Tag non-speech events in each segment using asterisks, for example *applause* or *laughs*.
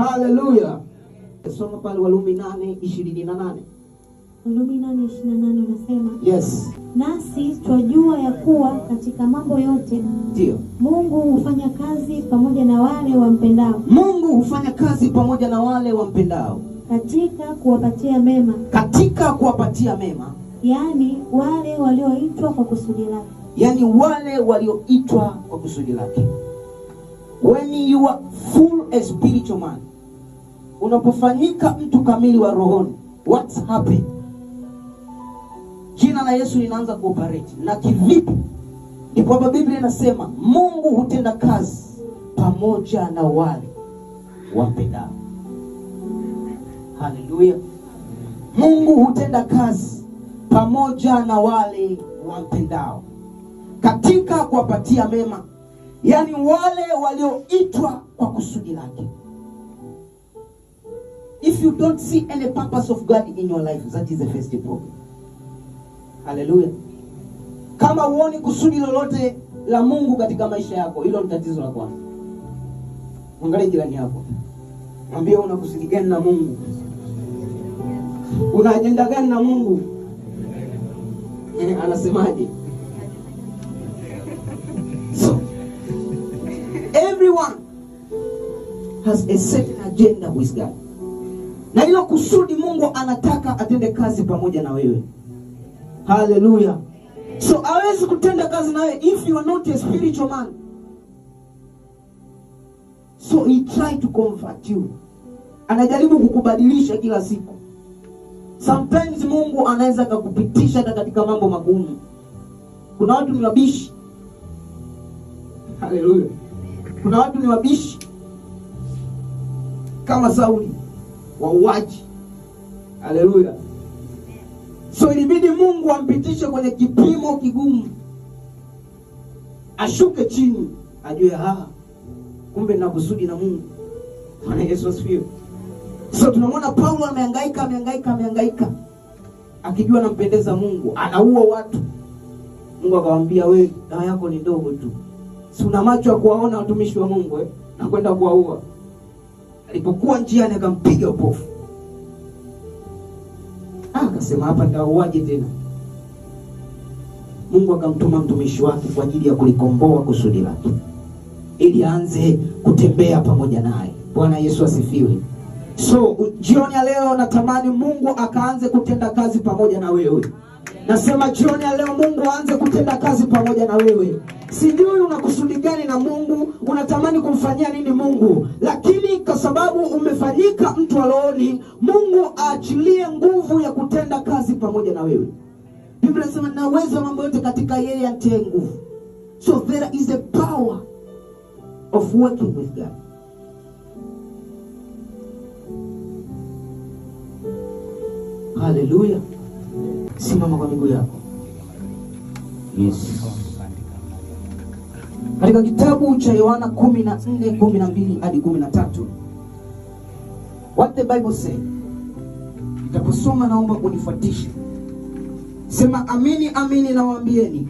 Haleluya. Soma pale Walumi 8:28. Walumi 8:28 unasema? Yes. Nasi twajua ya kuwa katika mambo yote ndio Mungu hufanya kazi pamoja na wale wampendao. Mungu hufanya kazi pamoja na wale wampendao katika kuwapatia mema, katika kuwapatia mema, yaani wale walioitwa kwa kusudi lake, yaani wale walioitwa kwa kusudi lake. When you are full a spiritual man unapofanyika mtu kamili wa rohoni, what's happening? Jina la Yesu linaanza kuoperate na kivipi? Ndipo hapa Biblia inasema Mungu hutenda kazi pamoja na wale wapendao. Haleluya! Mungu hutenda kazi pamoja na wale wampendao katika kuwapatia mema, yaani wale walioitwa kwa kusudi lake. If you don't see any purpose of God in your life, that is the first problem. Hallelujah. Kama uoni kusudi lolote la Mungu katika maisha yako, hilo ni tatizo la kwanza. Angalia jirani yako, mwambie una kusudi gani na Mungu, una ajenda gani na Mungu? *laughs* Anasemaje? So everyone has a certain agenda with God na hilo kusudi Mungu anataka atende kazi pamoja na wewe. Haleluya! So hawezi kutenda kazi na wewe if you are not a spiritual man. So he try to comfort you, anajaribu kukubadilisha kila siku. Sometimes Mungu anaweza akakupitisha hata katika mambo magumu. Kuna watu ni wabishi. Haleluya! Kuna watu ni wabishi kama Sauli wauaji. Haleluya! So ilibidi Mungu ampitishe kwenye kipimo kigumu, ashuke chini, ajue ah, kumbe na kusudi na Mungu. Bwana Yesu asifiwe. So tunamwona Paulo ameangaika ameangaika ameangaika akijua anampendeza Mungu, anaua watu. Mungu akamwambia wewe, dawa yako ni ndogo tu, si una macho ya kuwaona watumishi wa Mungu eh? nakwenda kuwaua Alipokuwa njiani akampiga upofu. Akasema, hapa nitauaje tena? Mungu akamtuma mtumishi wake kwa ajili ya kulikomboa kusudi lake, ili aanze kutembea pamoja naye. Bwana Yesu asifiwe. So jioni ya leo natamani Mungu akaanze kutenda kazi pamoja na wewe. Nasema jioni ya leo Mungu aanze kutenda kazi pamoja na wewe. Sijui unakusudi gani na Mungu, unatamani kumfanyia nini Mungu, lakini kwa sababu umefanyika mtu wa rohoni, Mungu aachilie nguvu ya kutenda kazi pamoja na wewe. Biblia inasema na uwezo wa mambo yote katika yeye atie nguvu. So there is a power of working with God. Hallelujah simama kwa miguu yako. Yes. Katika kitabu cha Yohana 14, 12 hadi 13. What the Bible say? Nitakusoma, naomba unifuatishe. Sema amini, amini nawaambieni,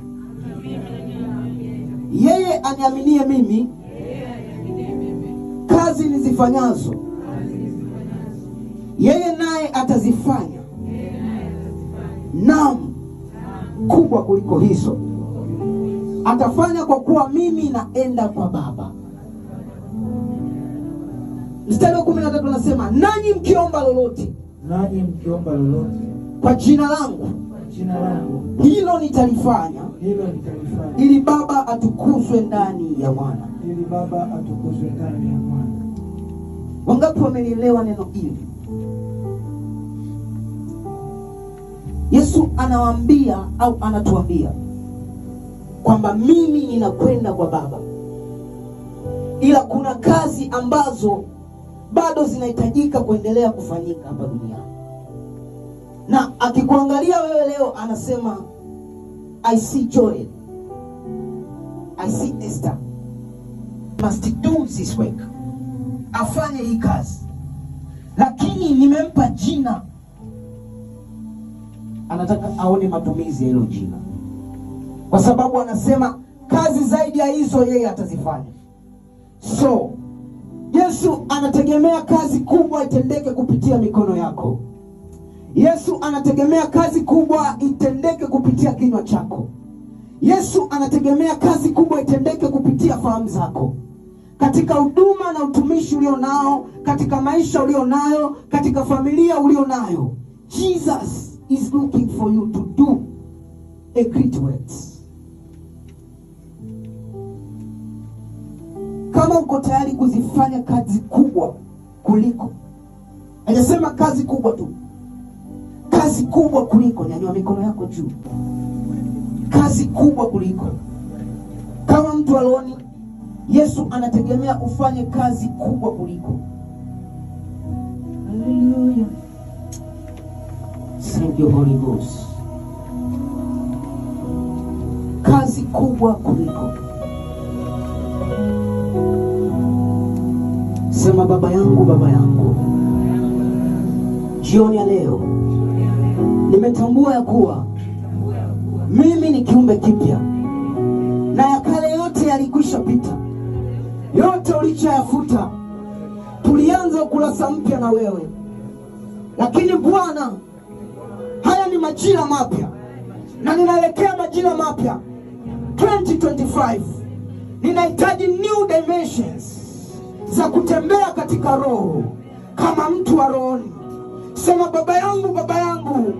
yeye aniaminie mimi, kazi nizifanyazo yeye naye atazifanya naam kubwa kuliko hizo atafanya kwa kuwa mimi naenda kwa Baba. Mstari wa kumi na tatu anasema nanyi mkiomba lolote, nanyi mkiomba lolote kwa jina langu, kwa jina langu hilo nitalifanya, hilo nitalifanya ili Baba atukuzwe ndani ya Mwana, ili Baba atukuzwe ndani ya Mwana. Wangapi wamelielewa neno hili? Yesu anawaambia au anatuambia kwamba mimi ninakwenda kwa Baba, ila kuna kazi ambazo bado zinahitajika kuendelea kufanyika hapa duniani. Na akikuangalia wewe leo, anasema I see Joel, I see Esther must do this work, afanye hii kazi, lakini nimempa jina anataka aone matumizi ya hilo jina, kwa sababu anasema kazi zaidi ya hizo yeye atazifanya. So Yesu anategemea kazi kubwa itendeke kupitia mikono yako. Yesu anategemea kazi kubwa itendeke kupitia kinywa chako. Yesu anategemea kazi kubwa itendeke kupitia fahamu zako, katika huduma na utumishi ulio nao, katika maisha ulio nayo, katika familia ulio nayo. Jesus is looking for you to do a great work. Kama uko tayari kuzifanya kazi kubwa kuliko, hajasema kazi kubwa tu, kazi kubwa kuliko, nyanyua mikono yako juu, kazi kubwa kuliko. Kama mtu aloni, Yesu anategemea ufanye kazi kubwa kuliko the Holy Ghost. Kazi kubwa kuliko sema, baba yangu, baba yangu, jioni ya leo nimetambua ya kuwa mimi ni kiumbe kipya na ya kale yote yalikwisha pita, yote ulichoyafuta, tulianza ukurasa mpya na wewe, lakini Bwana majira mapya na ninaelekea majira mapya 2025. Ninahitaji new dimensions za kutembea katika roho kama mtu wa rohoni. Sema, baba yangu, baba yangu,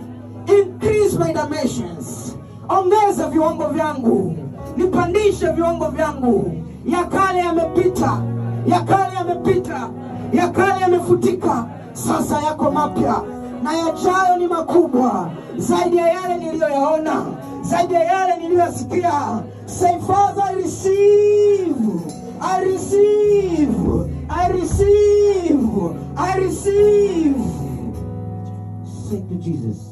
increase my dimensions, ongeza viwango vyangu, nipandishe viwango vyangu. Ya kale yamepita, ya kale yamepita, ya kale yamefutika, sasa yako mapya na yajayo ni makubwa. zaidi ya yale niliyoyaona, zaidi ya yale niliyoyasikia. Say Father, I receive, I receive, I receive, I receive. Say to Jesus.